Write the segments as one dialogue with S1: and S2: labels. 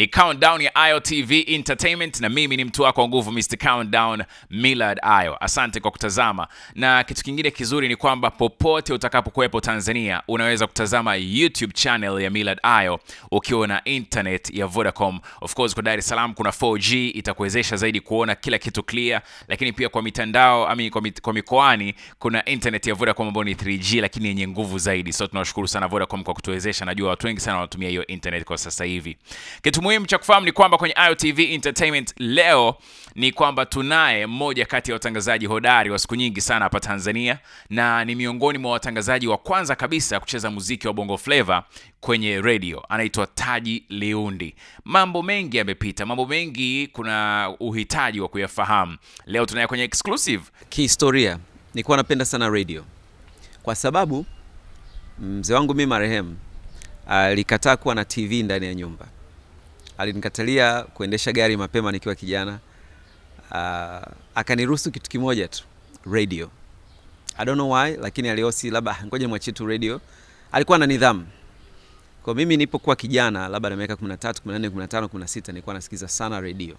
S1: ni Countdown ya Ayo TV Entertainment, na mimi ni mtu wako wa nguvu Mr Countdown Millard Ayo. Asante kwa kutazama, na kitu kingine kizuri ni kwamba popote utakapokuwepo Tanzania unaweza kutazama YouTube channel ya Millard Ayo ukiwa na internet ya Vodacom. Of course kwa Dar es Salaam kuna 4G itakuwezesha zaidi kuona kila kitu clear, lakini pia kwa mitandao ami, kwa mikoani kuna internet ya Vodacom ambayo ni 3G lakini yenye nguvu zaidi. So tunawashukuru sana Vodacom kwa kutuwezesha, najua watu wengi sana wanatumia hiyo internet kwa sasa hivi. Kitu muhimu cha kufahamu ni kwamba kwenye IOTV Entertainment leo ni kwamba tunaye mmoja kati ya watangazaji hodari wa siku nyingi sana hapa Tanzania na ni miongoni mwa watangazaji wa kwanza kabisa kucheza muziki wa Bongo Flava kwenye radio. Anaitwa Taji Liundi. Mambo mengi yamepita, mambo mengi kuna uhitaji wa kuyafahamu. Leo tunaye kwenye exclusive.
S2: Kihistoria nikuwa napenda sana radio kwa sababu mzee wangu mimi marehemu alikataa kuwa na TV ndani ya nyumba alinikatalia kuendesha gari mapema nikiwa kijana uh, akaniruhusu kitu kimoja tu, radio. I don't know why, lakini aliosi labda ngoja mwachie tu radio. Alikuwa na nidhamu. Kwa mimi nilipokuwa kijana labda na miaka 13, 14, 15, 16 nilikuwa nasikiza sana radio.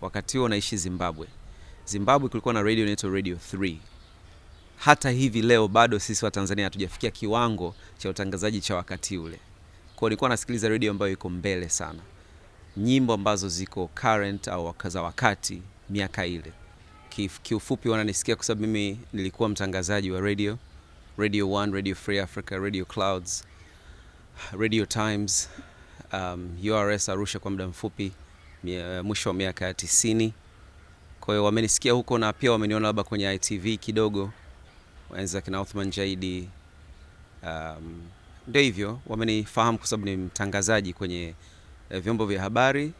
S2: Wakati huo naishi Zimbabwe. Zimbabwe kulikuwa na radio inaitwa Radio 3. Hata hivi leo bado sisi wa Tanzania hatujafikia kiwango cha utangazaji cha wakati ule. Kwa hiyo nilikuwa nasikiliza radio ambayo iko mbele sana nyimbo ambazo ziko current au za wakati miaka ile. Kiufupi wananisikia kwa sababu mimi nilikuwa mtangazaji wa radio, Radio 1, Radio Free Africa, Radio Clouds, Radio Times, um, URS Arusha kwa muda mfupi mwisho wa miaka ya tisini. Kwa hiyo wamenisikia huko na pia wameniona labda kwenye ITV kidogo, waenza kina Othman Jaidi. Um, ndio hivyo wamenifahamu kwa sababu ni mtangazaji kwenye Eh, vyombo vya habari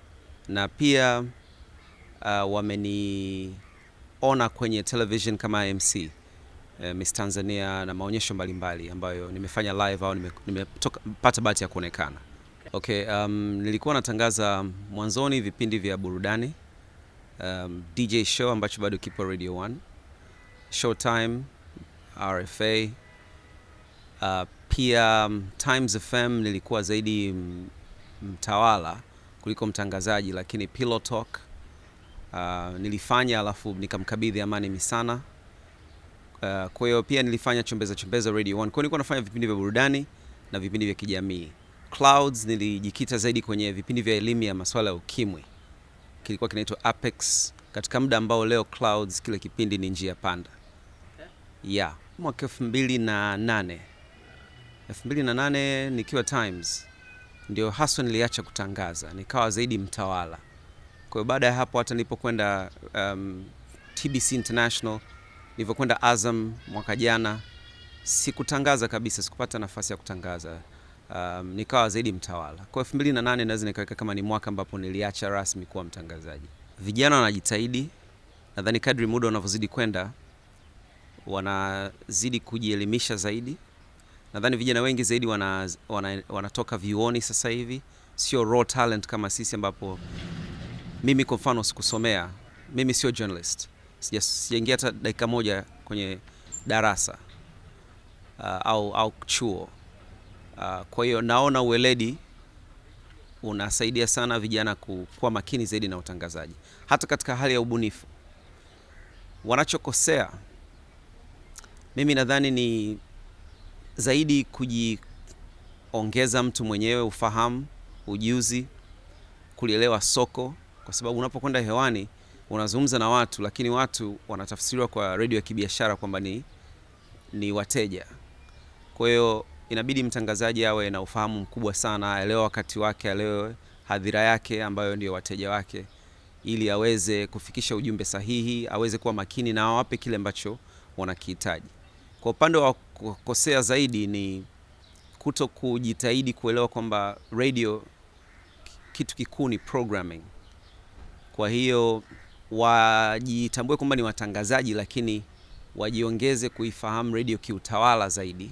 S2: na pia uh, ah, wameniona kwenye television kama MC e, eh, Miss Tanzania na maonyesho mbalimbali ambayo nimefanya live au nimepata nime bahati ya kuonekana. Okay, um, nilikuwa natangaza mwanzoni vipindi vya burudani um, DJ show ambacho bado kipo Radio 1, Showtime, RFA uh, ah, pia um, Times FM nilikuwa zaidi um, mtawala kuliko mtangazaji, lakini Pillow Talk uh, nilifanya alafu nikamkabidhi Amani Misana. Uh, kwa hiyo pia nilifanya Chombeza Chombeza Radio 1. Kwa hiyo nilikuwa nafanya vipindi vya burudani na vipindi vya kijamii. Clouds nilijikita zaidi kwenye vipindi vya elimu ya masuala ya ukimwi, kilikuwa kinaitwa Apex, katika muda ambao leo Clouds kile kipindi ni njia panda ya yeah. Mwaka 2008. 2008 nikiwa Times ndio haswa niliacha kutangaza, nikawa zaidi mtawala. Kwa hiyo baada ya hapo hata nilipokwenda um, TBC International, nilivyokwenda Azam mwaka jana, sikutangaza kabisa, sikupata nafasi ya kutangaza. Um, nikawa zaidi mtawala. Kwa nane naweza nikaweka kama ni mwaka ambapo niliacha rasmi kuwa mtangazaji. Vijana wanajitahidi, nadhani kadri muda unavyozidi kwenda wanazidi kujielimisha zaidi nadhani vijana wengi zaidi wana, wana, wanatoka vyuoni sasa hivi, sio raw talent kama sisi, ambapo mimi kwa mfano sikusomea, mimi sio journalist, sijaingia hata dakika moja kwenye darasa uh, au, au chuo uh, kwa hiyo naona uweledi unasaidia sana vijana kuwa makini zaidi na utangazaji, hata katika hali ya ubunifu wanachokosea, mimi nadhani ni zaidi kujiongeza mtu mwenyewe ufahamu, ujuzi, kulielewa soko, kwa sababu unapokwenda hewani unazungumza na watu, lakini watu wanatafsiriwa kwa redio ya kibiashara kwamba ni, ni wateja. Kwa hiyo inabidi mtangazaji awe na ufahamu mkubwa sana, aelewe wakati wake, aelewe hadhira yake ambayo ndio wateja wake, ili aweze kufikisha ujumbe sahihi, aweze kuwa makini na awape kile ambacho wanakihitaji. Kwa upande wa kukosea zaidi ni kuto kujitahidi kuelewa kwamba radio kitu kikuu ni programming. Kwa hiyo wajitambue kwamba ni watangazaji, lakini wajiongeze kuifahamu radio kiutawala zaidi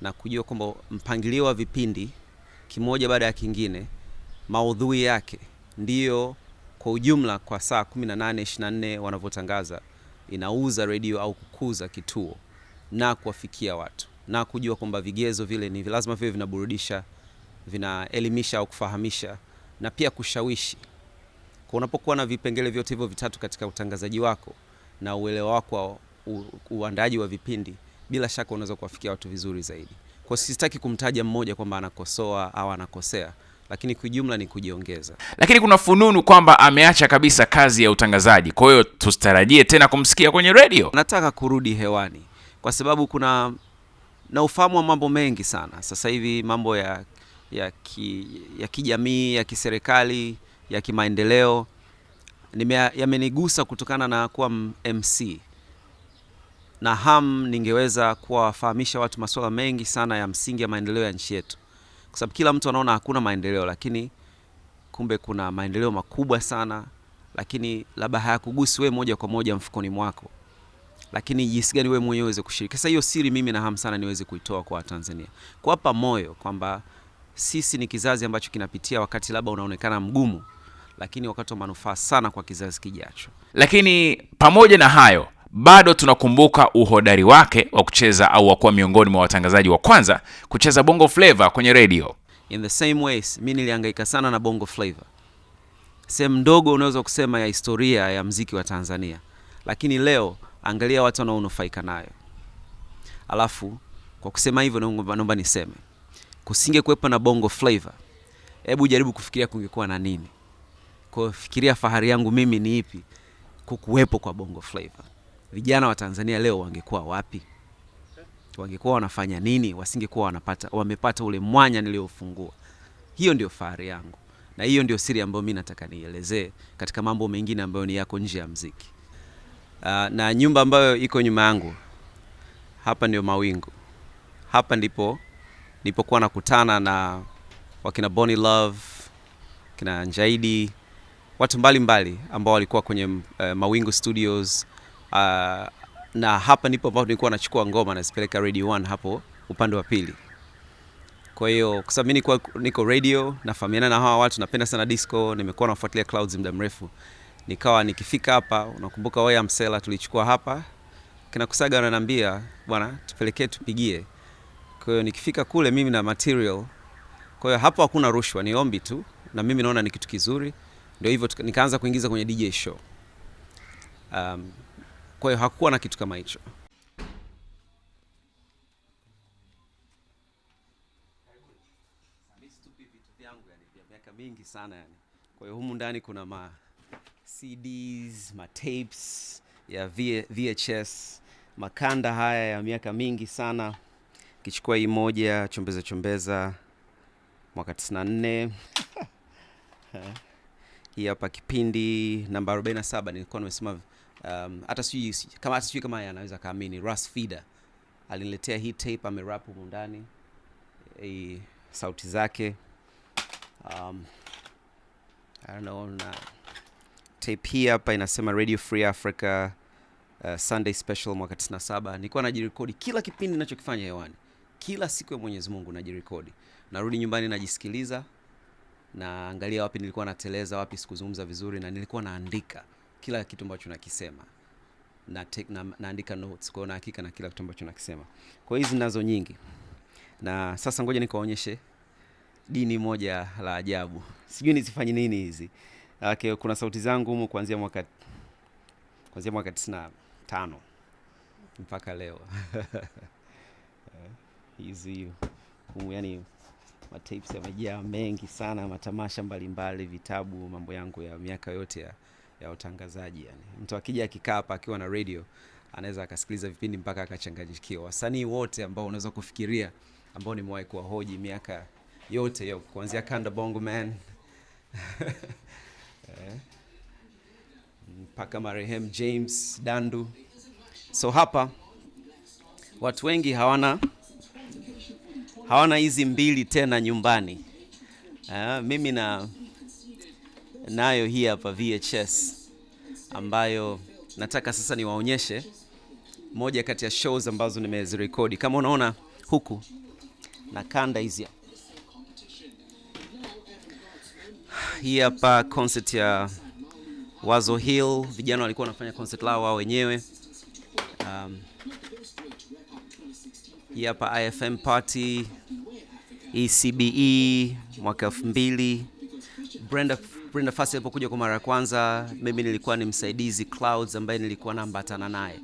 S2: na kujua kwamba mpangilio wa vipindi kimoja baada ya kingine, maudhui yake ndiyo kwa ujumla kwa saa 18 24 wanavyotangaza inauza redio au kukuza kituo na kuwafikia watu na kujua kwamba vigezo vile ni lazima vile vinaburudisha, vinaelimisha au kufahamisha na pia kushawishi. Kwa unapokuwa na vipengele vyote hivyo vitatu katika utangazaji wako na uelewa wako wa uandaji wa vipindi, bila shaka unaweza kuwafikia watu vizuri zaidi. Kwa sitaki kumtaja mmoja kwamba anakosoa au anakosea lakini kwa jumla ni kujiongeza.
S1: Lakini kuna fununu kwamba ameacha kabisa kazi ya utangazaji, kwa hiyo tusitarajie tena kumsikia kwenye redio.
S2: Nataka kurudi hewani, kwa sababu kuna na ufahamu wa mambo mengi sana sasa hivi, mambo ya ya ki, ya kijamii, ya kiserikali, ya kimaendeleo yamenigusa kutokana na kuwa MC na ham, ningeweza kuwafahamisha watu masuala mengi sana ya msingi ya maendeleo ya nchi yetu, kwa sababu kila mtu anaona hakuna maendeleo, lakini kumbe kuna maendeleo makubwa sana, lakini labda hayakugusi we moja kwa moja mfukoni mwako lakini jinsi gani wewe mwenyewe uweze kushiriki. Sasa hiyo siri mimi na hamu sana niweze kuitoa kwa Tanzania, kuwapa moyo kwamba sisi ni kizazi ambacho kinapitia wakati labda unaonekana mgumu, lakini wakati wa manufaa sana kwa kizazi kijacho.
S1: Lakini pamoja na hayo bado tunakumbuka uhodari wake wa kucheza au wa kuwa miongoni mwa watangazaji wa kwanza kucheza bongo flava kwenye redio.
S2: In the same ways, mi nilihangaika sana na bongo flava, sehemu ndogo unaweza kusema ya historia ya mziki wa Tanzania, lakini leo angalia watu wanaonufaika nayo. Alafu kwa kusema hivyo, naomba niseme kusinge kuwepo na bongo flavor, hebu jaribu kufikiria kungekuwa na nini. Kwa fikiria, fahari yangu mimi ni ipi kukuwepo kwa bongo flavor? Vijana wa Tanzania leo wangekuwa wapi? Wangekuwa wanafanya nini? Wasingekuwa wanapata wamepata ule mwanya niliofungua. Hiyo ndio fahari yangu na hiyo ndio siri ambayo mi nataka nielezee katika mambo mengine ambayo ni yako nje ya mziki. Uh, na nyumba ambayo iko nyuma yangu hapa ndio Mawingu. Hapa ndipo nilipokuwa nakutana na wakina Bonny Love, kina Njaidi, watu mbalimbali ambao walikuwa kwenye uh, Mawingu Studios uh, na hapa ndipo ambapo nilikuwa nachukua ngoma nazipeleka Radio 1 hapo upande wa pili. Kwa hiyo kwa sababu mimi niko radio, nafahamiana na hawa watu, napenda sana disco, nimekuwa nafuatilia Clouds muda mrefu nikawa nikifika hapa, unakumbuka oya Amsela, tulichukua hapa kina Kusaga ananiambia bwana, tupelekee tupigie. Kwa hiyo nikifika kule mimi na material. Kwa hiyo hapo hakuna rushwa, ni ombi tu, na mimi naona ni kitu kizuri, ndio hivyo nikaanza kuingiza kwenye DJ show. Um, kwa hiyo hakuwa na kitu kama hicho. Miaka mingi sana yani. Kwa hiyo humu ndani kuna ma CDs, matapes ya VHS, makanda haya ya miaka mingi sana. Kichukua hii moja chombeza chombeza mwaka 94 hii hapa kipindi namba 47 nilikuwa nimesema um, hata sijui kama hata sijui kama anaweza kaamini. Ras Feeder aliniletea hii tape, amerap mundani ndani sauti zake um, I don't know na tape hii hapa inasema Radio Free Africa uh, Sunday Special mwaka 97. Nilikuwa najirekodi kila kipindi ninachokifanya hewani, kila siku ya Mwenyezi Mungu najirekodi, narudi nyumbani najisikiliza, naangalia wapi nilikuwa nateleza, wapi sikuzungumza vizuri, na nilikuwa naandika kila kitu ambacho nakisema na take, na, naandika notes kwa na hakika na kila kitu ambacho nakisema. Kwa hizi nazo nyingi, na sasa ngoja nikawaonyeshe dini moja la ajabu, sijui nizifanye nini hizi okay, kuna sauti zangu humu kuanzia mwaka kuanzia mwaka tisini na tano mpaka leo hizi uh, yani matapes yamejaa mengi sana, matamasha mbalimbali vitabu, mambo yangu ya miaka yote ya, ya utangazaji yani. Mtu akija akikaa hapa akiwa na radio anaweza akasikiliza vipindi mpaka akachanganyikiwa. Wasanii wote ambao unaweza kufikiria ambao nimewahi kuwahoji miaka yote hiyo kuanzia Kanda Bongo Man eh, mpaka marehemu James Dandu. So hapa watu wengi hawana hawana hizi mbili tena nyumbani. Eh, mimi na nayo hii hapa VHS ambayo nataka sasa niwaonyeshe moja kati ya shows ambazo nimezirekodi. Kama unaona huku na kanda hizi hii hapa concert ya Wazo Hill, vijana walikuwa wanafanya concert lao wao wenyewe. Um, hii hapa IFM party ECBE e, mwaka elfu mbili Brenda, Brenda Fassie alipokuja kwa mara ya kwanza, mimi nilikuwa ni msaidizi Clouds ambaye nilikuwa naambatana naye,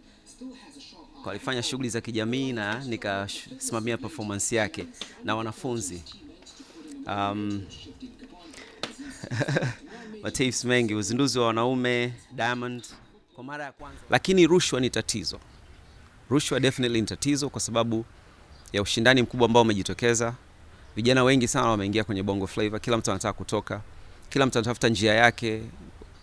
S2: alifanya shughuli za kijamii na nikasimamia performance yake na wanafunzi um, Matifs mengi, uzinduzi wa wanaume Diamond kwa mara ya kwanza. Lakini rushwa ni tatizo, rushwa definitely ni tatizo kwa sababu ya ushindani mkubwa ambao umejitokeza. Vijana wengi sana wameingia kwenye bongo flavor, kila mtu anataka kutoka, kila mtu anatafuta njia yake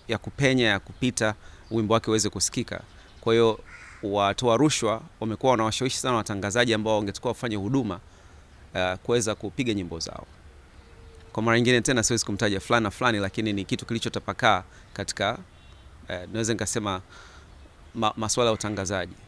S2: ya kupenya ya kupita wimbo wake uweze kusikika. Kwa hiyo watoa rushwa wamekuwa wanawashawishi sana watangazaji ambao wangetakiwa wafanye huduma uh, kuweza kupiga nyimbo zao kwa mara nyingine tena siwezi kumtaja fulani na fulani, lakini ni kitu kilichotapakaa katika eh, naweza nikasema ma, masuala ya utangazaji.